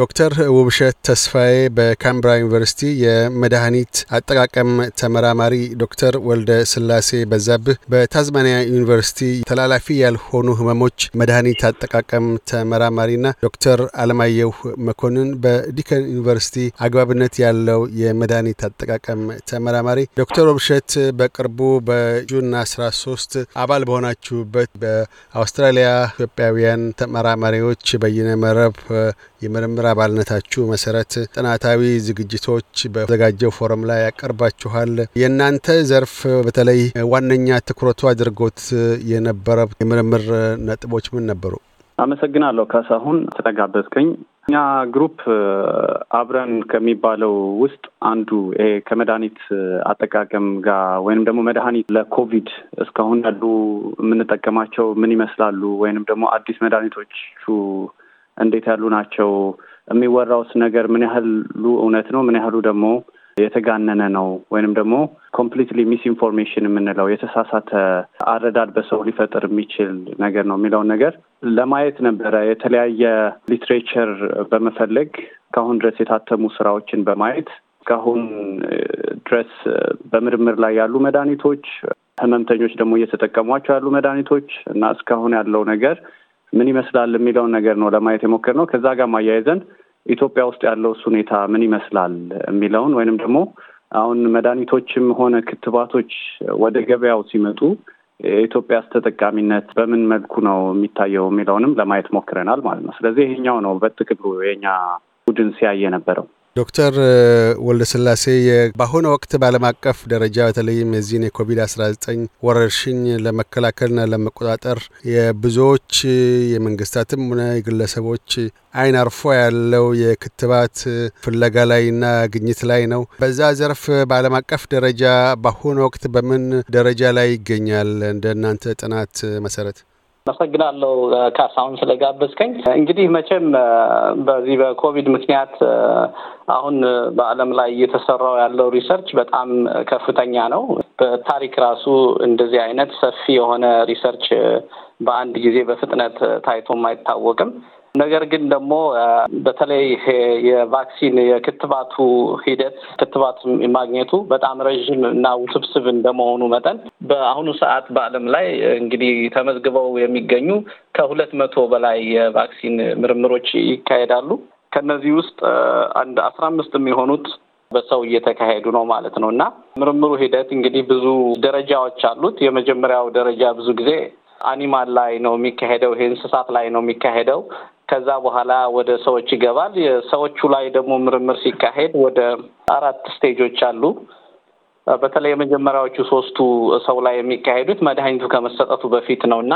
ዶክተር ውብሸት ተስፋዬ በካምብራ ዩኒቨርሲቲ የመድኃኒት አጠቃቀም ተመራማሪ፣ ዶክተር ወልደ ስላሴ በዛብህ በታዝማኒያ ዩኒቨርሲቲ ተላላፊ ያልሆኑ ህመሞች መድኃኒት አጠቃቀም ተመራማሪና ዶክተር አለማየሁ መኮንን በዲከን ዩኒቨርሲቲ አግባብነት ያለው የመድኃኒት አጠቃቀም ተመራማሪ። ዶክተር ውብሸት በቅርቡ በጁን 13 አባል በሆናችሁበት በአውስትራሊያ ኢትዮጵያውያን ተመራማሪዎች በይነ መረብ የምርምራ ባልነታችሁ መሰረት ጥናታዊ ዝግጅቶች በዘጋጀው ፎረም ላይ ያቀርባችኋል። የእናንተ ዘርፍ በተለይ ዋነኛ ትኩረቱ አድርጎት የነበረ የምርምር ነጥቦች ምን ነበሩ? አመሰግናለሁ ካሳሁን ስለጋበዝከኝ። እኛ ግሩፕ አብረን ከሚባለው ውስጥ አንዱ ይሄ ከመድኃኒት አጠቃቀም ጋር ወይንም ደግሞ መድኃኒት ለኮቪድ እስካሁን ያሉ የምንጠቀማቸው ምን ይመስላሉ፣ ወይንም ደግሞ አዲስ መድኃኒቶቹ እንዴት ያሉ ናቸው የሚወራውስ ነገር ምን ያህሉ እውነት ነው? ምን ያህሉ ደግሞ የተጋነነ ነው? ወይንም ደግሞ ኮምፕሊትሊ ሚስ ኢንፎርሜሽን የምንለው የተሳሳተ አረዳድ በሰው ሊፈጥር የሚችል ነገር ነው የሚለውን ነገር ለማየት ነበረ። የተለያየ ሊትሬቸር በመፈለግ እስካሁን ድረስ የታተሙ ስራዎችን በማየት እስካሁን ድረስ በምርምር ላይ ያሉ መድኃኒቶች፣ ህመምተኞች ደግሞ እየተጠቀሟቸው ያሉ መድኃኒቶች እና እስካሁን ያለው ነገር ምን ይመስላል የሚለውን ነገር ነው ለማየት የሞከርነው። ከዛ ጋር ማያይዘን ኢትዮጵያ ውስጥ ያለው እሱ ሁኔታ ምን ይመስላል የሚለውን ወይንም ደግሞ አሁን መድኃኒቶችም ሆነ ክትባቶች ወደ ገበያው ሲመጡ የኢትዮጵያስ ተጠቃሚነት በምን መልኩ ነው የሚታየው የሚለውንም ለማየት ሞክረናል ማለት ነው። ስለዚህ ይሄኛው ነው በጥቅሉ የኛ ቡድን ሲያይ የነበረው። ዶክተር ወልደስላሴ በአሁኑ ወቅት በዓለም አቀፍ ደረጃ በተለይም የዚህን የኮቪድ-19 ወረርሽኝ ለመከላከልና ለመቆጣጠር የብዙዎች የመንግስታትም ሆነ የግለሰቦች አይን አርፎ ያለው የክትባት ፍለጋ ላይና ግኝት ላይ ነው። በዛ ዘርፍ በዓለም አቀፍ ደረጃ በአሁኑ ወቅት በምን ደረጃ ላይ ይገኛል? እንደ እናንተ ጥናት መሰረት አመሰግናለሁ ካሳሁን ስለጋበዝከኝ። እንግዲህ መቼም በዚህ በኮቪድ ምክንያት አሁን በዓለም ላይ እየተሰራው ያለው ሪሰርች በጣም ከፍተኛ ነው። በታሪክ ራሱ እንደዚህ አይነት ሰፊ የሆነ ሪሰርች በአንድ ጊዜ በፍጥነት ታይቶም አይታወቅም። ነገር ግን ደግሞ በተለይ የቫክሲን የክትባቱ ሂደት ክትባት ማግኘቱ በጣም ረዥም እና ውስብስብ እንደመሆኑ መጠን በአሁኑ ሰዓት በዓለም ላይ እንግዲህ ተመዝግበው የሚገኙ ከሁለት መቶ በላይ የቫክሲን ምርምሮች ይካሄዳሉ። ከነዚህ ውስጥ አንድ አስራ አምስት የሚሆኑት በሰው እየተካሄዱ ነው ማለት ነው እና ምርምሩ ሂደት እንግዲህ ብዙ ደረጃዎች አሉት። የመጀመሪያው ደረጃ ብዙ ጊዜ አኒማል ላይ ነው የሚካሄደው፣ ይሄ እንስሳት ላይ ነው የሚካሄደው። ከዛ በኋላ ወደ ሰዎች ይገባል። የሰዎቹ ላይ ደግሞ ምርምር ሲካሄድ ወደ አራት ስቴጆች አሉ። በተለይ የመጀመሪያዎቹ ሶስቱ ሰው ላይ የሚካሄዱት መድኃኒቱ ከመሰጠቱ በፊት ነው እና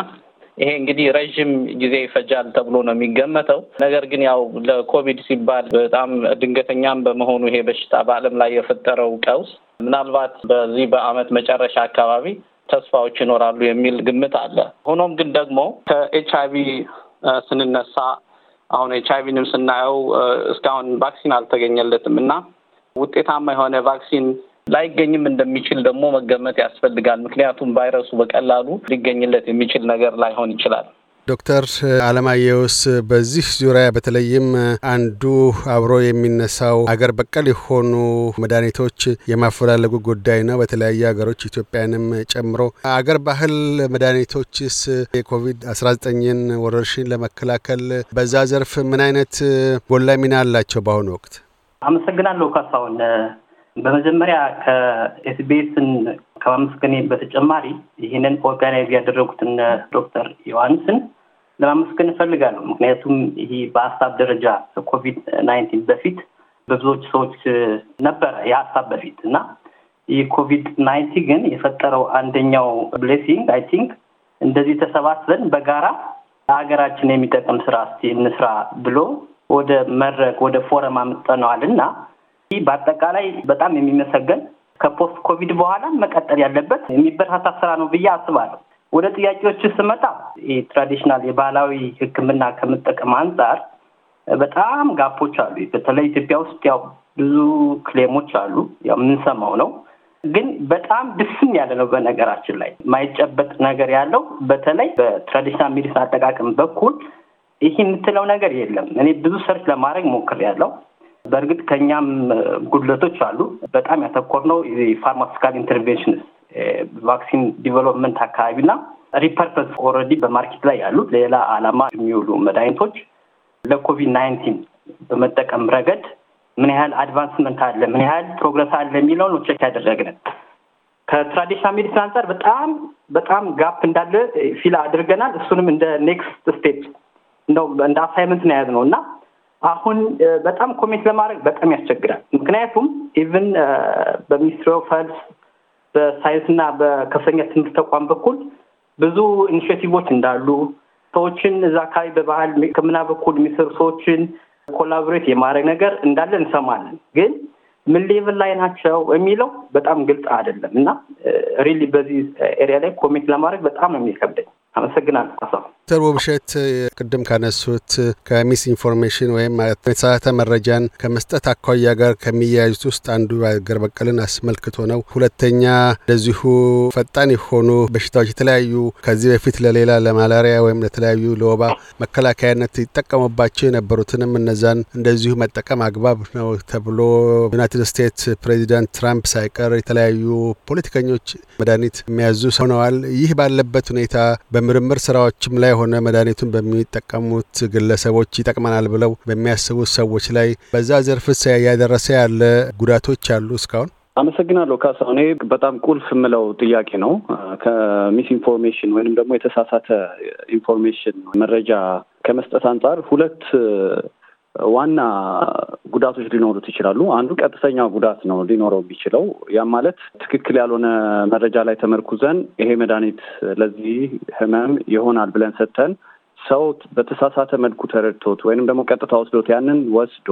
ይሄ እንግዲህ ረዥም ጊዜ ይፈጃል ተብሎ ነው የሚገመተው። ነገር ግን ያው ለኮቪድ ሲባል በጣም ድንገተኛም በመሆኑ ይሄ በሽታ በዓለም ላይ የፈጠረው ቀውስ ምናልባት በዚህ በዓመት መጨረሻ አካባቢ ተስፋዎች ይኖራሉ የሚል ግምት አለ። ሆኖም ግን ደግሞ ከኤች አይቪ ስንነሳ አሁን ኤች አይቪንም ስናየው እስካሁን ቫክሲን አልተገኘለትም እና ውጤታማ የሆነ ቫክሲን ላይገኝም እንደሚችል ደግሞ መገመት ያስፈልጋል። ምክንያቱም ቫይረሱ በቀላሉ ሊገኝለት የሚችል ነገር ላይሆን ይችላል። ዶክተር አለማየሁስ በዚህ ዙሪያ በተለይም አንዱ አብሮ የሚነሳው አገር በቀል የሆኑ መድኃኒቶች የማፈላለጉ ጉዳይ ነው። በተለያዩ ሀገሮች ኢትዮጵያንም ጨምሮ አገር ባህል መድኃኒቶችስ የኮቪድ-19ን ወረርሽኝ ለመከላከል በዛ ዘርፍ ምን አይነት ጎላ ሚና አላቸው በአሁኑ ወቅት? አመሰግናለሁ ካሳሁን። በመጀመሪያ ከኤስቢኤስን ከማመስገኔ በተጨማሪ ይህንን ኦርጋናይዝ ያደረጉትን ዶክተር ዮሐንስን ለማመስገን እፈልጋለሁ። ምክንያቱም ይህ በሀሳብ ደረጃ ኮቪድ ናይንቲን በፊት በብዙዎች ሰዎች ነበረ የሀሳብ በፊት እና ይህ ኮቪድ ናይንቲ ግን የፈጠረው አንደኛው ብሌሲንግ አይ ቲንክ እንደዚህ ተሰባስበን በጋራ ለሀገራችን የሚጠቅም ስራ እስቲ እንስራ ብሎ ወደ መድረክ ወደ ፎረም አምጠነዋል እና በአጠቃላይ በጣም የሚመሰገን ከፖስት ኮቪድ በኋላ መቀጠል ያለበት የሚበረታታ ስራ ነው ብዬ አስባለሁ። ወደ ጥያቄዎች ስመጣ ትራዲሽናል የባህላዊ ሕክምና ከመጠቀም አንጻር በጣም ጋፖች አሉ። በተለይ ኢትዮጵያ ውስጥ ያው ብዙ ክሌሞች አሉ፣ ያው የምንሰማው ነው። ግን በጣም ድስም ያለ ነው። በነገራችን ላይ ማይጨበጥ ነገር ያለው በተለይ በትራዲሽናል ሜዲሲን አጠቃቀም በኩል ይህ የምትለው ነገር የለም። እኔ ብዙ ሰርች ለማድረግ ሞክሬያለሁ። በእርግጥ ከእኛም ጉድለቶች አሉ። በጣም ያተኮርነው ፋርማሲካል ኢንተርቬንሽንስ ቫክሲን ዲቨሎፕመንት አካባቢና ሪፐርፐስ ኦልሬዲ በማርኬት ላይ ያሉት ሌላ ዓላማ የሚውሉ መድኃኒቶች ለኮቪድ ናይንቲን በመጠቀም ረገድ ምን ያህል አድቫንስመንት አለ፣ ምን ያህል ፕሮግረስ አለ የሚለውን ቼክ ያደረግነን ከትራዲሽናል ሜዲሲን አንጻር በጣም በጣም ጋፕ እንዳለ ፊል አድርገናል። እሱንም እንደ ኔክስት ስቴፕ እንደ አሳይመንት ነው የያዝነው እና አሁን በጣም ኮሜንት ለማድረግ በጣም ያስቸግራል። ምክንያቱም ኢቭን በሚኒስትሪ ኦፍ ሄልዝ በሳይንስና በከፍተኛ ትምህርት ተቋም በኩል ብዙ ኢኒሽቲቮች እንዳሉ ሰዎችን እዛ አካባቢ በባህል ሕክምና በኩል የሚሰሩ ሰዎችን ኮላቦሬት የማድረግ ነገር እንዳለ እንሰማለን። ግን ምን ሌቭል ላይ ናቸው የሚለው በጣም ግልጽ አይደለም እና ሪሊ በዚህ ኤሪያ ላይ ኮሜንት ለማድረግ በጣም ነው የሚከብደኝ። አመሰግናለሁ ካሳ ዶክተር ውብሸት ቅድም ካነሱት ከሚስ ኢንፎርሜሽን ወይም የተሳሳተ መረጃን ከመስጠት አኳያ ጋር ከሚያያዙት ውስጥ አንዱ አገር በቀልን አስመልክቶ ነው። ሁለተኛ እንደዚሁ ፈጣን የሆኑ በሽታዎች የተለያዩ ከዚህ በፊት ለሌላ ለማላሪያ ወይም ለተለያዩ ለወባ መከላከያነት ይጠቀሙባቸው የነበሩትንም እነዛን እንደዚሁ መጠቀም አግባብ ነው ተብሎ ዩናይትድ ስቴትስ ፕሬዚዳንት ትራምፕ ሳይቀር የተለያዩ ፖለቲከኞች መድኃኒት የሚያዙ ሆነዋል። ይህ ባለበት ሁኔታ በምርምር ስራዎችም ላይ የሆነ መድኃኒቱን በሚጠቀሙት ግለሰቦች ይጠቅመናል ብለው በሚያስቡት ሰዎች ላይ በዛ ዘርፍ እያደረሰ ያለ ጉዳቶች አሉ እስካሁን? አመሰግናለሁ ካሳሁን። በጣም ቁልፍ የምለው ጥያቄ ነው። ከሚስኢንፎርሜሽን ኢንፎርሜሽን ወይንም ደግሞ የተሳሳተ ኢንፎርሜሽን መረጃ ከመስጠት አንጻር ሁለት ዋና ጉዳቶች ሊኖሩት ይችላሉ። አንዱ ቀጥተኛ ጉዳት ነው ሊኖረው የሚችለው ያም ማለት ትክክል ያልሆነ መረጃ ላይ ተመርኩዘን ይሄ መድኃኒት ለዚህ ህመም ይሆናል ብለን ሰጥተን ሰው በተሳሳተ መልኩ ተረድቶት ወይንም ደግሞ ቀጥታ ወስዶት ያንን ወስዶ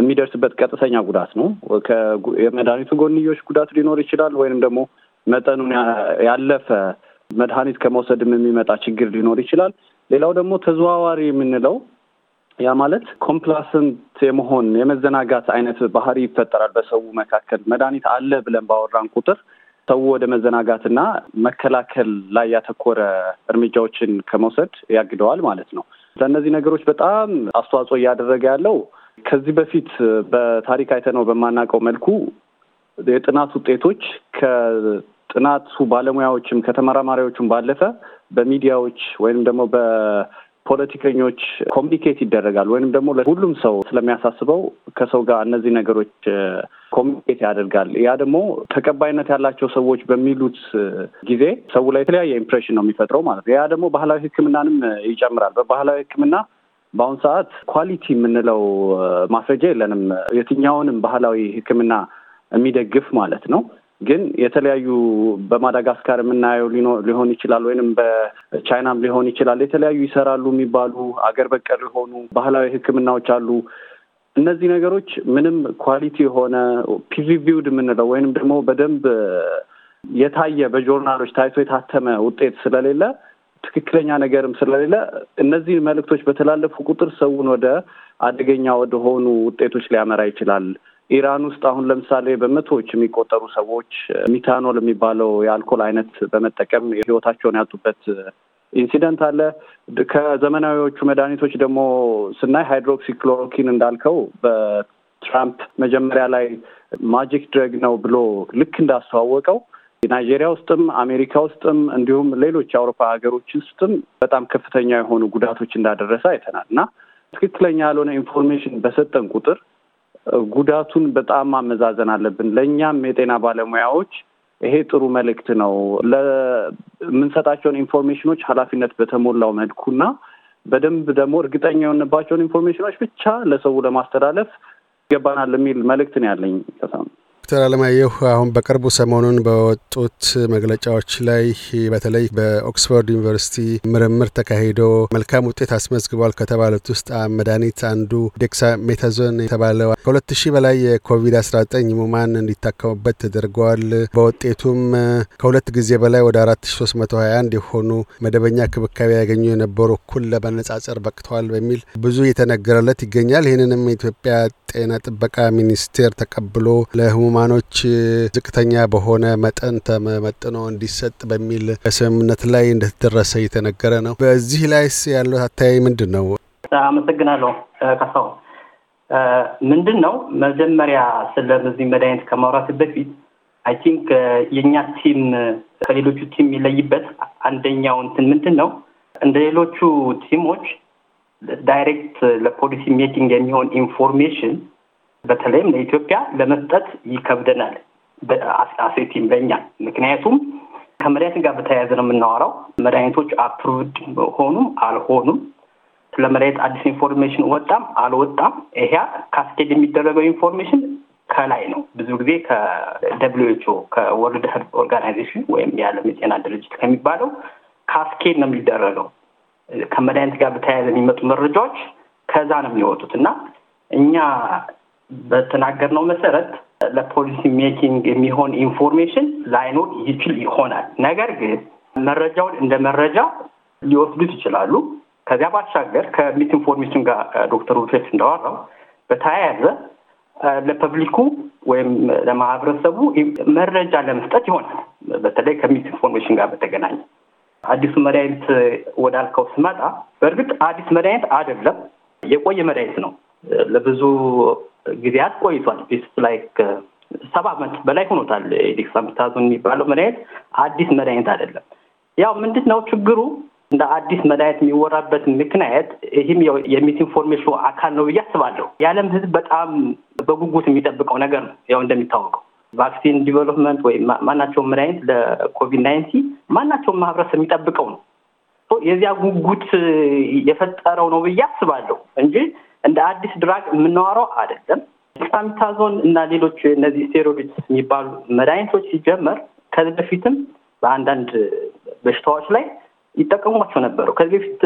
የሚደርስበት ቀጥተኛ ጉዳት ነው። የመድኃኒቱ ጎንዮሽ ጉዳት ሊኖር ይችላል። ወይንም ደግሞ መጠኑን ያለፈ መድኃኒት ከመውሰድም የሚመጣ ችግር ሊኖር ይችላል። ሌላው ደግሞ ተዘዋዋሪ የምንለው ያ ማለት ኮምፕላሰንት የመሆን የመዘናጋት አይነት ባህሪ ይፈጠራል በሰው መካከል። መድኃኒት አለ ብለን ባወራን ቁጥር ሰው ወደ መዘናጋትና መከላከል ላይ ያተኮረ እርምጃዎችን ከመውሰድ ያግደዋል ማለት ነው። ለእነዚህ ነገሮች በጣም አስተዋጽኦ እያደረገ ያለው ከዚህ በፊት በታሪክ አይተነው በማናውቀው መልኩ የጥናት ውጤቶች ከጥናቱ ባለሙያዎችም ከተመራማሪዎቹም ባለፈ በሚዲያዎች ወይም ደግሞ ፖለቲከኞች ኮሚኒኬት ይደረጋል ወይም ደግሞ ሁሉም ሰው ስለሚያሳስበው ከሰው ጋር እነዚህ ነገሮች ኮሚኒኬት ያደርጋል። ያ ደግሞ ተቀባይነት ያላቸው ሰዎች በሚሉት ጊዜ ሰው ላይ የተለያየ ኢምፕሬሽን ነው የሚፈጥረው ማለት ነው። ያ ደግሞ ባህላዊ ሕክምናንም ይጨምራል። በባህላዊ ሕክምና በአሁኑ ሰዓት ኳሊቲ የምንለው ማስረጃ የለንም፣ የትኛውንም ባህላዊ ሕክምና የሚደግፍ ማለት ነው። ግን የተለያዩ በማዳጋስካር የምናየው ሊሆን ይችላል ወይንም በቻይናም ሊሆን ይችላል። የተለያዩ ይሰራሉ የሚባሉ አገር በቀል የሆኑ ባህላዊ ህክምናዎች አሉ። እነዚህ ነገሮች ምንም ኳሊቲ የሆነ ፒሪቪውድ የምንለው ወይንም ደግሞ በደንብ የታየ በጆርናሎች ታይቶ የታተመ ውጤት ስለሌለ ትክክለኛ ነገርም ስለሌለ እነዚህ መልእክቶች በተላለፉ ቁጥር ሰውን ወደ አደገኛ ወደሆኑ ውጤቶች ሊያመራ ይችላል ኢራን ውስጥ አሁን ለምሳሌ በመቶዎች የሚቆጠሩ ሰዎች ሚታኖል የሚባለው የአልኮል አይነት በመጠቀም ህይወታቸውን ያጡበት ኢንሲደንት አለ። ከዘመናዊዎቹ መድኃኒቶች ደግሞ ስናይ ሃይድሮክሲክሎሮኪን እንዳልከው በትራምፕ መጀመሪያ ላይ ማጂክ ድረግ ነው ብሎ ልክ እንዳስተዋወቀው ናይጄሪያ ውስጥም አሜሪካ ውስጥም እንዲሁም ሌሎች የአውሮፓ ሀገሮች ውስጥም በጣም ከፍተኛ የሆኑ ጉዳቶች እንዳደረሰ አይተናል እና ትክክለኛ ያልሆነ ኢንፎርሜሽን በሰጠን ቁጥር ጉዳቱን በጣም አመዛዘን አለብን። ለእኛም የጤና ባለሙያዎች ይሄ ጥሩ መልእክት ነው። ለምንሰጣቸውን ኢንፎርሜሽኖች ኃላፊነት በተሞላው መልኩና በደንብ ደግሞ እርግጠኛ የሆንባቸውን ኢንፎርሜሽኖች ብቻ ለሰው ለማስተላለፍ ይገባናል የሚል መልእክት ነው ያለኝ። ዶክተር አለማየሁ አሁን በቅርቡ ሰሞኑን በወጡት መግለጫዎች ላይ በተለይ በኦክስፎርድ ዩኒቨርሲቲ ምርምር ተካሂዶ መልካም ውጤት አስመዝግቧል ከተባሉት ውስጥ መድኃኒት አንዱ ዴክሳ ሜታዞን የተባለው ከሁለት ሺህ በላይ የኮቪድ-19 ሙማን እንዲታከሙበት ተደርገዋል። በውጤቱም ከሁለት ጊዜ በላይ ወደ 4321 የሆኑ መደበኛ ክብካቤ ያገኙ የነበሩ እኩል ለመነጻጸር በቅተዋል በሚል ብዙ እየተነገረለት ይገኛል። ይህንንም የኢትዮጵያ ጤና ጥበቃ ሚኒስቴር ተቀብሎ ለህሙማ ሮማኖች ዝቅተኛ በሆነ መጠን ተመጥኖ እንዲሰጥ በሚል ስምምነት ላይ እንደተደረሰ እየተነገረ ነው። በዚህ ላይስ ያለው አታያይ ምንድን ነው? አመሰግናለሁ ካሳው። ምንድን ነው መጀመሪያ ስለዚህ መድኃኒት ከማውራት በፊት አይ ቲንክ የእኛ ቲም ከሌሎቹ ቲም የሚለይበት አንደኛው እንትን ምንድን ነው እንደ ሌሎቹ ቲሞች ዳይሬክት ለፖሊሲ ሜኪንግ የሚሆን ኢንፎርሜሽን በተለይም ለኢትዮጵያ ለመስጠት ይከብደናል፣ አሴቲም ለኛ ምክንያቱም ከመድኃኒት ጋር በተያያዘ ነው የምናወራው። መድኃኒቶች አፕሩቭድ ሆኑም አልሆኑም ስለ መድኃኒት አዲስ ኢንፎርሜሽን ወጣም አልወጣም፣ ይሄ ካስኬድ የሚደረገው ኢንፎርሜሽን ከላይ ነው። ብዙ ጊዜ ከደብሊው ኤች ኦ ከወርልድ ሄልዝ ኦርጋናይዜሽን ወይም የዓለም የጤና ድርጅት ከሚባለው ካስኬድ ነው የሚደረገው። ከመድኃኒት ጋር በተያያዘ የሚመጡ መረጃዎች ከዛ ነው የሚወጡት እና እኛ በተናገርነው መሰረት ለፖሊሲ ሜኪንግ የሚሆን ኢንፎርሜሽን ላይኖር ይችል ይሆናል። ነገር ግን መረጃውን እንደ መረጃ ሊወስዱት ይችላሉ። ከዚያ ባሻገር ከሚስ ኢንፎርሜሽን ጋር ዶክተር ውብሴት እንዳወራው በተያያዘ ለፐብሊኩ ወይም ለማህበረሰቡ መረጃ ለመስጠት ይሆናል። በተለይ ከሚስ ኢንፎርሜሽን ጋር በተገናኘ አዲሱ መድኃኒት ወዳልከው ስመጣ በእርግጥ አዲስ መድኃኒት አይደለም፣ የቆየ መድኃኒት ነው። ለብዙ ጊዜያት ቆይቷል። ስ ላይክ ሰባ ዓመት በላይ ሆኖታል። ዴክሳሜታዞን የሚባለው መድኃኒት አዲስ መድኃኒት አይደለም። ያው ምንድን ነው ችግሩ እንደ አዲስ መድኃኒት የሚወራበት ምክንያት ይህም የሚስ ኢንፎርሜሽኑ አካል ነው ብዬ አስባለሁ። የዓለም ህዝብ በጣም በጉጉት የሚጠብቀው ነገር ነው። ያው እንደሚታወቀው ቫክሲን ዲቨሎፕመንት ወይ ማናቸውም መድኃኒት ለኮቪድ ናይንቲ ማናቸውም ማህበረሰብ የሚጠብቀው ነው። የዚያ ጉጉት የፈጠረው ነው ብዬ አስባለሁ እንጂ እንደ አዲስ ድራግ የምናወራው አይደለም። ዴክሳሜታዞን እና ሌሎች እነዚህ ስቴሮይድስ የሚባሉ መድኃኒቶች ሲጀመር ከዚህ በፊትም በአንዳንድ በሽታዎች ላይ ይጠቀሟቸው ነበሩ። ከዚህ በፊት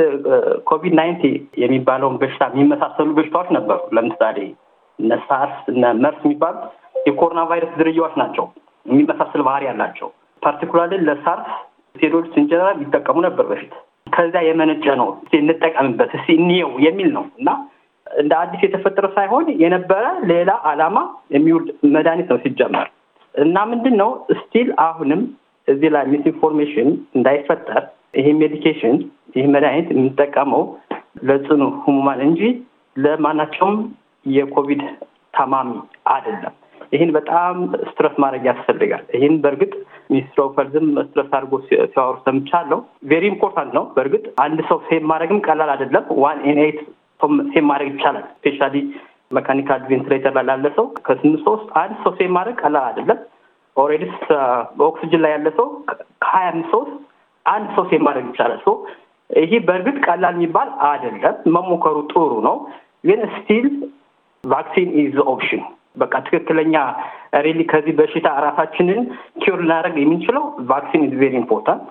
ኮቪድ ናይንቲ የሚባለውን በሽታ የሚመሳሰሉ በሽታዎች ነበሩ። ለምሳሌ እነ ሳርስ እነ መርስ የሚባሉት የኮሮና ቫይረስ ዝርያዎች ናቸው። የሚመሳሰል ባህሪ ያላቸው ፓርቲኩላር ለሳርስ ስቴሮይድስ ኢንጀነራል ይጠቀሙ ነበር በፊት። ከዚያ የመነጨ ነው እንጠቀምበት እስኪ እንየው የሚል ነው እና እንደ አዲስ የተፈጠረ ሳይሆን የነበረ ሌላ ዓላማ የሚውል መድኃኒት ነው ሲጀመር እና ምንድን ነው ስቲል አሁንም እዚህ ላይ ሚስ ኢንፎርሜሽን እንዳይፈጠር ይህ ሜዲኬሽን ይህ መድኃኒት የምንጠቀመው ለጽኑ ህሙማን እንጂ ለማናቸውም የኮቪድ ታማሚ አይደለም። ይህን በጣም ስትረስ ማድረግ ያስፈልጋል። ይህን በእርግጥ ሚኒስትር ኦፍ ስትረስ አድርጎ ሲያወሩ ሰምቻለሁ። ቬሪ ኢምፖርታንት ነው። በእርግጥ አንድ ሰው ሴም ማድረግም ቀላል አይደለም። ዋን ኢን ኤይት ሴም ማድረግ ይቻላል። ስፔሻሊ መካኒካል ቬንትሌተር ላይ ላለ ሰው ከስም ሶስት አንድ ሰው ሴም ማድረግ ቀላል አይደለም። ኦልሬዲስ በኦክሲጅን ላይ ያለ ሰው ከሀያ አምስት ሰው አንድ ሰው ሴም ማድረግ ይቻላል። ሶ ይሄ በእርግጥ ቀላል የሚባል አይደለም። መሞከሩ ጥሩ ነው፣ ግን ስቲል ቫክሲን ኢዝ ኦፕሽን በቃ ትክክለኛ ሪሊ ከዚህ በሽታ ራሳችንን ኪር ልናደርግ የምንችለው ቫክሲን ኢዝ ቬሪ ኢምፖርታንት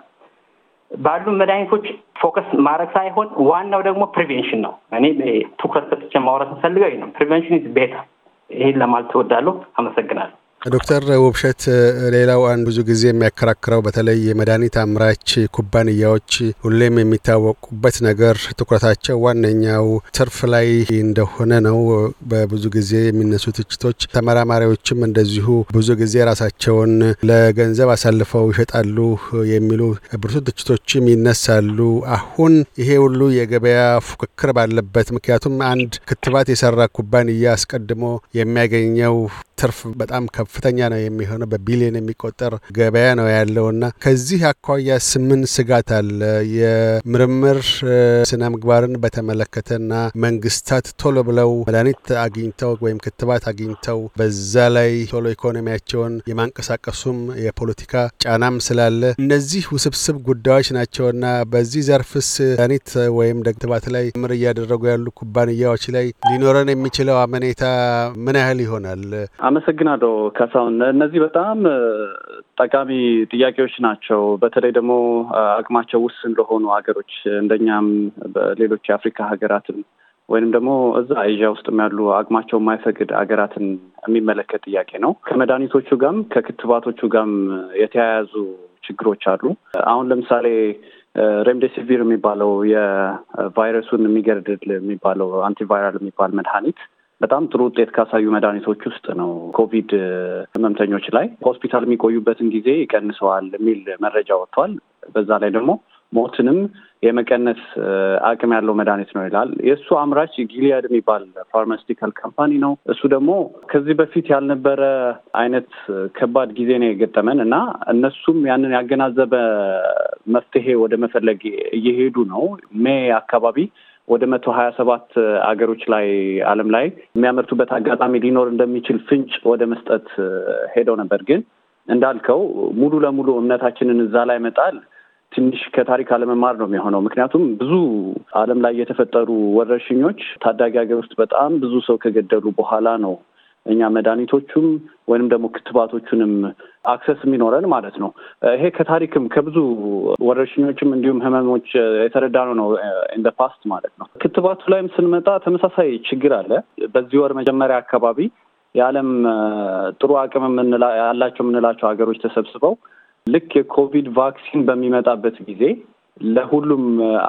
ባሉ መድኃኒቶች ፎከስ ማድረግ ሳይሆን ዋናው ደግሞ ፕሪቬንሽን ነው። እኔ ትኩረት ሰጥቼ ማውራት ፈልገው ነው። ፕሪቬንሽን ኢዝ ቤተር። ይህን ለማለት ትወዳለሁ። አመሰግናለሁ። ዶክተር ውብሸት ሌላው አንድ ብዙ ጊዜ የሚያከራክረው በተለይ የመድኃኒት አምራች ኩባንያዎች ሁሌም የሚታወቁበት ነገር ትኩረታቸው ዋነኛው ትርፍ ላይ እንደሆነ ነው። በብዙ ጊዜ የሚነሱ ትችቶች፣ ተመራማሪዎችም እንደዚሁ ብዙ ጊዜ ራሳቸውን ለገንዘብ አሳልፈው ይሸጣሉ የሚሉ ብርቱ ትችቶችም ይነሳሉ። አሁን ይሄ ሁሉ የገበያ ፉክክር ባለበት፣ ምክንያቱም አንድ ክትባት የሰራ ኩባንያ አስቀድሞ የሚያገኘው ትርፍ በጣም ከፍተኛ ነው የሚሆነው። በቢሊዮን የሚቆጠር ገበያ ነው ያለውና ከዚህ አኳያ ስምን ስጋት አለ የምርምር ስነ ምግባርን በተመለከተና መንግስታት ቶሎ ብለው መድኃኒት አግኝተው ወይም ክትባት አግኝተው በዛ ላይ ቶሎ ኢኮኖሚያቸውን የማንቀሳቀሱም የፖለቲካ ጫናም ስላለ እነዚህ ውስብስብ ጉዳዮች ናቸውና በዚህ ዘርፍስ መድኃኒት ወይም ክትባት ላይ ምር እያደረጉ ያሉ ኩባንያዎች ላይ ሊኖረን የሚችለው አመኔታ ምን ያህል ይሆናል? አመሰግናለሁ ካሳሁን። እነዚህ በጣም ጠቃሚ ጥያቄዎች ናቸው። በተለይ ደግሞ አቅማቸው ውስን ለሆኑ ሀገሮች እንደኛም በሌሎች የአፍሪካ ሀገራትን ወይንም ደግሞ እዛ ኤዥያ ውስጥም ያሉ አቅማቸው የማይፈቅድ ሀገራትን የሚመለከት ጥያቄ ነው። ከመድኃኒቶቹ ጋርም ከክትባቶቹ ጋም የተያያዙ ችግሮች አሉ። አሁን ለምሳሌ ሬምዴሲቪር የሚባለው የቫይረሱን የሚገርድል የሚባለው አንቲቫይራል የሚባል መድኃኒት በጣም ጥሩ ውጤት ካሳዩ መድኃኒቶች ውስጥ ነው። ኮቪድ ህመምተኞች ላይ ሆስፒታል የሚቆዩበትን ጊዜ ይቀንሰዋል የሚል መረጃ ወጥቷል። በዛ ላይ ደግሞ ሞትንም የመቀነስ አቅም ያለው መድኃኒት ነው ይላል። የእሱ አምራች ጊሊያድ የሚባል ፋርማስቲካል ካምፓኒ ነው። እሱ ደግሞ ከዚህ በፊት ያልነበረ አይነት ከባድ ጊዜ ነው የገጠመን እና እነሱም ያንን ያገናዘበ መፍትሄ ወደ መፈለግ እየሄዱ ነው ሜይ አካባቢ ወደ መቶ ሀያ ሰባት አገሮች ላይ አለም ላይ የሚያመርቱበት አጋጣሚ ሊኖር እንደሚችል ፍንጭ ወደ መስጠት ሄደው ነበር። ግን እንዳልከው ሙሉ ለሙሉ እምነታችንን እዛ ላይ መጣል ትንሽ ከታሪክ አለመማር ነው የሚሆነው። ምክንያቱም ብዙ አለም ላይ የተፈጠሩ ወረርሽኞች ታዳጊ ሀገር ውስጥ በጣም ብዙ ሰው ከገደሉ በኋላ ነው እኛ መድኃኒቶቹም ወይም ደግሞ ክትባቶቹንም አክሰስ የሚኖረን ማለት ነው። ይሄ ከታሪክም ከብዙ ወረርሽኞችም እንዲሁም ህመሞች የተረዳነው ነው ኢን ደ ፓስት ማለት ነው። ክትባቱ ላይም ስንመጣ ተመሳሳይ ችግር አለ። በዚህ ወር መጀመሪያ አካባቢ የዓለም ጥሩ አቅም ያላቸው የምንላቸው ሀገሮች ተሰብስበው ልክ የኮቪድ ቫክሲን በሚመጣበት ጊዜ ለሁሉም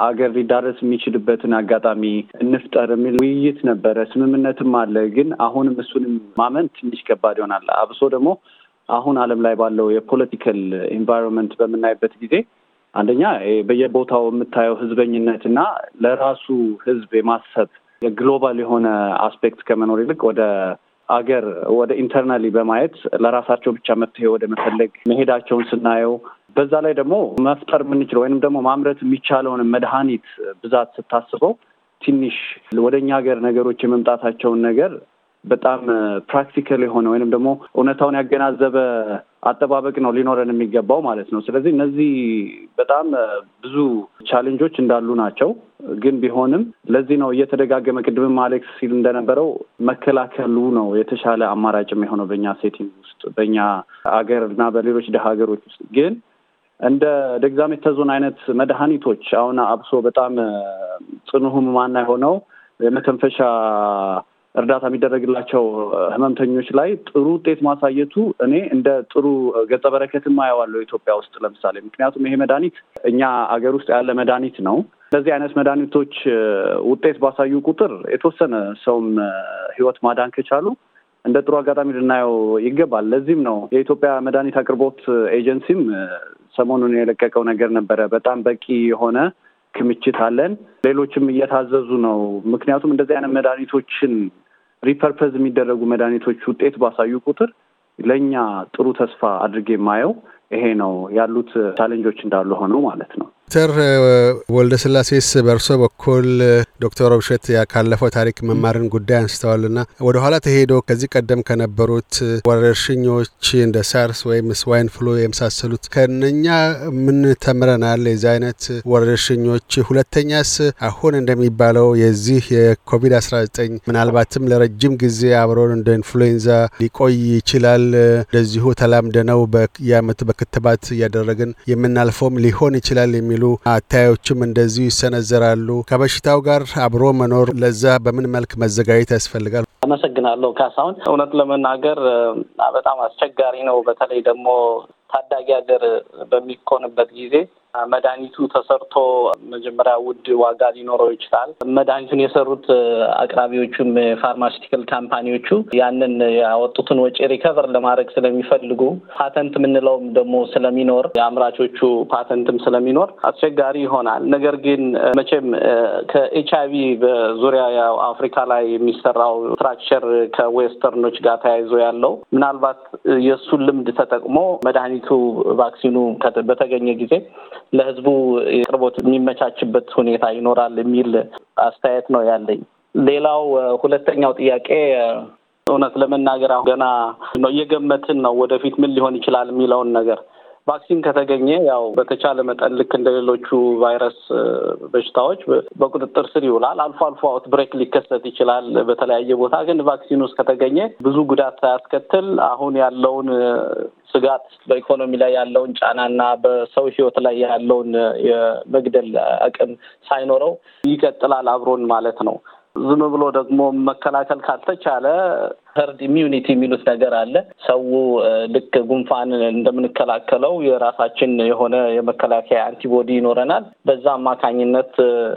አገር ሊዳረስ የሚችልበትን አጋጣሚ እንፍጠር የሚል ውይይት ነበረ። ስምምነትም አለ። ግን አሁንም እሱንም ማመን ትንሽ ከባድ ይሆናል። አብሶ ደግሞ አሁን ዓለም ላይ ባለው የፖለቲካል ኢንቫይሮንመንት በምናይበት ጊዜ አንደኛ በየቦታው የምታየው ህዝበኝነት እና ለራሱ ህዝብ የማሰብ የግሎባል የሆነ አስፔክት ከመኖር ይልቅ ወደ አገር ወደ ኢንተርናሊ በማየት ለራሳቸው ብቻ መፍትሄ ወደ መፈለግ መሄዳቸውን ስናየው በዛ ላይ ደግሞ መፍጠር የምንችለው ወይንም ደግሞ ማምረት የሚቻለውን መድኃኒት ብዛት ስታስበው ትንሽ ወደ እኛ ሀገር ነገሮች የመምጣታቸውን ነገር በጣም ፕራክቲካል የሆነ ወይንም ደግሞ እውነታውን ያገናዘበ አጠባበቅ ነው ሊኖረን የሚገባው ማለት ነው። ስለዚህ እነዚህ በጣም ብዙ ቻሌንጆች እንዳሉ ናቸው። ግን ቢሆንም ለዚህ ነው እየተደጋገመ ቅድምም አሌክስ ሲል እንደነበረው መከላከሉ ነው የተሻለ አማራጭ የሚሆነው በእኛ ሴቲንግ ውስጥ በእኛ አገር እና በሌሎች ደሀ ሀገሮች ውስጥ ግን እንደ ዴክሳሜታዞን አይነት መድኃኒቶች አሁን አብሶ በጣም ጽኑ ህሙማን የሆነው የመተንፈሻ እርዳታ የሚደረግላቸው ህመምተኞች ላይ ጥሩ ውጤት ማሳየቱ እኔ እንደ ጥሩ ገጸ በረከትም አየዋለሁ ኢትዮጵያ ውስጥ ለምሳሌ። ምክንያቱም ይሄ መድኃኒት እኛ አገር ውስጥ ያለ መድኃኒት ነው። እንደዚህ አይነት መድኃኒቶች ውጤት ባሳዩ ቁጥር የተወሰነ ሰውም ህይወት ማዳን ከቻሉ እንደ ጥሩ አጋጣሚ ልናየው ይገባል። ለዚህም ነው የኢትዮጵያ መድኃኒት አቅርቦት ኤጀንሲም ሰሞኑን የለቀቀው ነገር ነበረ። በጣም በቂ የሆነ ክምችት አለን። ሌሎችም እየታዘዙ ነው። ምክንያቱም እንደዚህ አይነት መድኃኒቶችን ሪፐርፐዝ የሚደረጉ መድኃኒቶች ውጤት ባሳዩ ቁጥር ለእኛ ጥሩ ተስፋ አድርጌ የማየው ይሄ ነው። ያሉት ቻሌንጆች እንዳሉ ሆነው ማለት ነው። ዶክተር ስላሴስ በእርሶ በኩል ዶክተር ውብሸት ካለፈው ታሪክ መማርን ጉዳይ አንስተዋልና ወደኋላ ተሄዶ ከዚህ ቀደም ከነበሩት ወረርሽኞች እንደ ሳርስ ወይም ስዋይን ፍሉ የመሳሰሉት ከነኛ ምን ተምረናል? የዚህ አይነት ወረርሽኞች ሁለተኛስ አሁን እንደሚባለው የዚህ የኮቪድ-19 ምናልባትም ለረጅም ጊዜ አብሮን እንደ ኢንፍሉዌንዛ ሊቆይ ይችላል። እንደዚሁ ተላምደነው በየአመቱ በክትባት እያደረግን የምናልፈውም ሊሆን ይችላል የሚሉ የሚሉ አታዮችም እንደዚሁ ይሰነዘራሉ። ከበሽታው ጋር አብሮ መኖር ለዛ በምን መልክ መዘጋጀት ያስፈልጋል? አመሰግናለሁ ካሳሁን። እውነት ለመናገር በጣም አስቸጋሪ ነው። በተለይ ደግሞ ታዳጊ ሀገር በሚኮንበት ጊዜ መድኃኒቱ ተሰርቶ መጀመሪያ ውድ ዋጋ ሊኖረው ይችላል። መድኃኒቱን የሰሩት አቅራቢዎቹም የፋርማሲቲካል ካምፓኒዎቹ ያንን ያወጡትን ወጪ ሪከቨር ለማድረግ ስለሚፈልጉ ፓተንት የምንለውም ደግሞ ስለሚኖር የአምራቾቹ ፓተንትም ስለሚኖር አስቸጋሪ ይሆናል። ነገር ግን መቼም ከኤች አይቪ በዙሪያ ያው አፍሪካ ላይ የሚሰራው ስትራክቸር ከዌስተርኖች ጋር ተያይዞ ያለው ምናልባት የእሱን ልምድ ተጠቅሞ መድኃኒት ወደፊቱ ቫክሲኑ በተገኘ ጊዜ ለህዝቡ ቅርቦት የሚመቻችበት ሁኔታ ይኖራል የሚል አስተያየት ነው ያለኝ። ሌላው ሁለተኛው ጥያቄ እውነት ለመናገር አሁን ገና እየገመትን ነው ወደፊት ምን ሊሆን ይችላል የሚለውን ነገር ቫክሲን ከተገኘ ያው በተቻለ መጠን ልክ እንደ ሌሎቹ ቫይረስ በሽታዎች በቁጥጥር ስር ይውላል። አልፎ አልፎ ብሬክ ሊከሰት ይችላል በተለያየ ቦታ። ግን ቫክሲን ውስጥ ከተገኘ ብዙ ጉዳት ሳያስከትል አሁን ያለውን ስጋት በኢኮኖሚ ላይ ያለውን ጫና እና በሰው ህይወት ላይ ያለውን የመግደል አቅም ሳይኖረው ይቀጥላል አብሮን ማለት ነው። ዝም ብሎ ደግሞ መከላከል ካልተቻለ ሄርድ ኢሚዩኒቲ የሚሉት ነገር አለ። ሰው ልክ ጉንፋን እንደምንከላከለው የራሳችን የሆነ የመከላከያ አንቲቦዲ ይኖረናል። በዛ አማካኝነት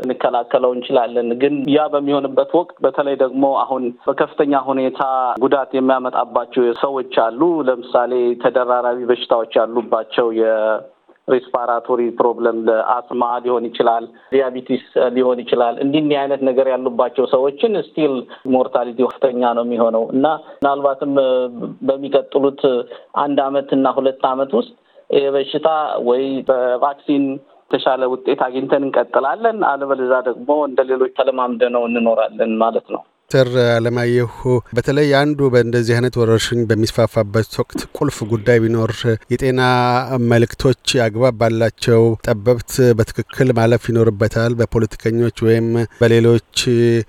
እንከላከለው እንችላለን። ግን ያ በሚሆንበት ወቅት በተለይ ደግሞ አሁን በከፍተኛ ሁኔታ ጉዳት የሚያመጣባቸው ሰዎች አሉ። ለምሳሌ ተደራራቢ በሽታዎች ያሉባቸው ሪስፓራቶሪ ፕሮብለም ለአስማ ሊሆን ይችላል፣ ዲያቢቲስ ሊሆን ይችላል። እንዲህ እንዲህ አይነት ነገር ያሉባቸው ሰዎችን ስቲል ሞርታሊቲ ከፍተኛ ነው የሚሆነው እና ምናልባትም በሚቀጥሉት አንድ አመት እና ሁለት አመት ውስጥ የበሽታ ወይ በቫክሲን የተሻለ ውጤት አግኝተን እንቀጥላለን፣ አለበለዛ ደግሞ እንደ ሌሎች ተለማምደ ነው እንኖራለን ማለት ነው። ዶክተር አለማየሁ በተለይ አንዱ በእንደዚህ አይነት ወረርሽኝ በሚስፋፋበት ወቅት ቁልፍ ጉዳይ ቢኖር የጤና መልእክቶች አግባብ ባላቸው ጠበብት በትክክል ማለፍ ይኖርበታል። በፖለቲከኞች ወይም በሌሎች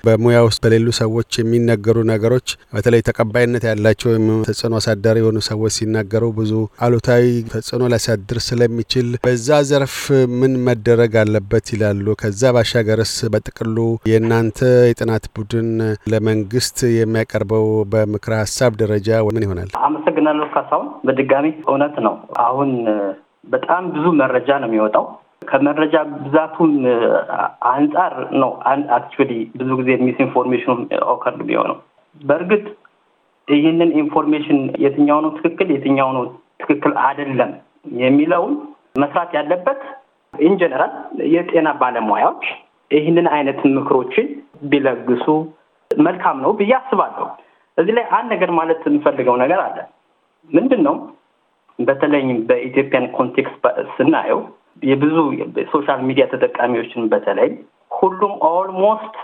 በሙያ ውስጥ በሌሉ ሰዎች የሚነገሩ ነገሮች በተለይ ተቀባይነት ያላቸው ወይም ተጽዕኖ አሳዳሪ የሆኑ ሰዎች ሲናገሩ ብዙ አሉታዊ ተጽዕኖ ሊያሳድር ስለሚችል በዛ ዘርፍ ምን መደረግ አለበት ይላሉ? ከዛ ባሻገርስ በጥቅሉ የእናንተ የጥናት ቡድን ለመንግስት የሚያቀርበው በምክረ ሀሳብ ደረጃ ምን ይሆናል? አመሰግናለሁ ካሳሁን። በድጋሚ እውነት ነው። አሁን በጣም ብዙ መረጃ ነው የሚወጣው። ከመረጃ ብዛቱም አንጻር ነው አክቹዋሊ ብዙ ጊዜ ሚስ ኢንፎርሜሽኑ ኦከርድ የሚሆነው። በእርግጥ ይህንን ኢንፎርሜሽን የትኛው ነው ትክክል የትኛው ነው ትክክል አይደለም የሚለውን መስራት ያለበት ኢንጀነራል የጤና ባለሙያዎች ይህንን አይነት ምክሮችን ቢለግሱ መልካም ነው ብዬ አስባለሁ። እዚህ ላይ አንድ ነገር ማለት የምፈልገው ነገር አለ። ምንድን ነው በተለይ በኢትዮጵያን ኮንቴክስት ስናየው የብዙ ሶሻል ሚዲያ ተጠቃሚዎችን በተለይ ሁሉም ኦልሞስት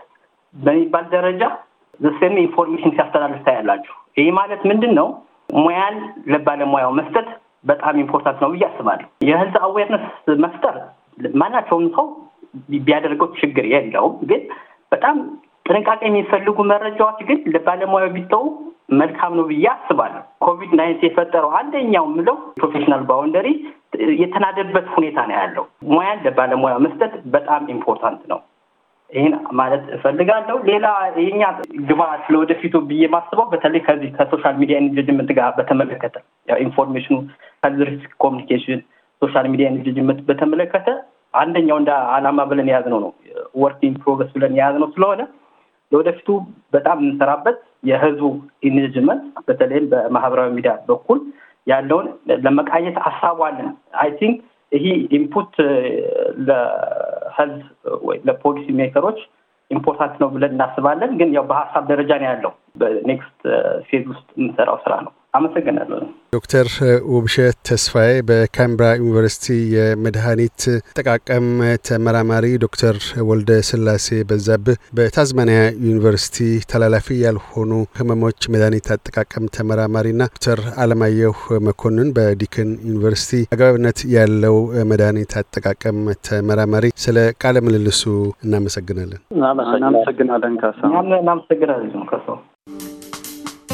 በሚባል ደረጃ ዘሴም ኢንፎርሜሽን ሲያስተላልፍ ታያላችሁ። ይህ ማለት ምንድን ነው? ሙያን ለባለሙያው መስጠት በጣም ኢምፖርታንት ነው ብዬ አስባለሁ። የህዝብ አዌርነስ መፍጠር ማናቸውም ሰው ቢያደርገው ችግር የለውም፣ ግን በጣም ጥንቃቄ የሚፈልጉ መረጃዎች ግን ለባለሙያ ቢተው መልካም ነው ብዬ አስባለሁ። ኮቪድ ናይንት የፈጠረው አንደኛው የምለው ፕሮፌሽናል ባውንደሪ የተናደበት ሁኔታ ነው ያለው። ሙያን ለባለሙያ መስጠት በጣም ኢምፖርታንት ነው። ይህን ማለት እፈልጋለሁ። ሌላ የኛ ግብዓት ለወደፊቱ ብዬ ማስበው በተለይ ከዚህ ከሶሻል ሚዲያ ኢንጀጅመንት ጋር በተመለከተ ኢንፎርሜሽኑ ከሪስክ ኮሚኒኬሽን ሶሻል ሚዲያ ኢንጀጅመንት በተመለከተ አንደኛው እንደ አላማ ብለን የያዝነው ነው ወርክ ኢን ፕሮግረስ ብለን የያዝነው ስለሆነ ለወደፊቱ በጣም የምንሰራበት የህዝቡ ኢንጅመንት በተለይም በማህበራዊ ሚዲያ በኩል ያለውን ለመቃኘት አሳቧለን። አይ ቲንክ ይህ ኢንፑት ለህዝብ ወይ ለፖሊሲ ሜከሮች ኢምፖርታንት ነው ብለን እናስባለን። ግን ያው በሀሳብ ደረጃ ነው ያለው። በኔክስት ፌዝ ውስጥ የምንሰራው ስራ ነው። አመሰግናለሁ። ዶክተር ውብሸት ተስፋዬ በካምብራ ዩኒቨርሲቲ የመድኃኒት አጠቃቀም ተመራማሪ፣ ዶክተር ወልደ ስላሴ በዛብህ በታዝማኒያ ዩኒቨርሲቲ ተላላፊ ያልሆኑ ህመሞች መድኃኒት አጠቃቀም ተመራማሪና ዶክተር አለማየሁ መኮንን በዲክን ዩኒቨርሲቲ አግባብነት ያለው መድኃኒት አጠቃቀም ተመራማሪ፣ ስለ ቃለ ምልልሱ እናመሰግናለን። እናመሰግናለን ካሳ እናመሰግናለን ካሳ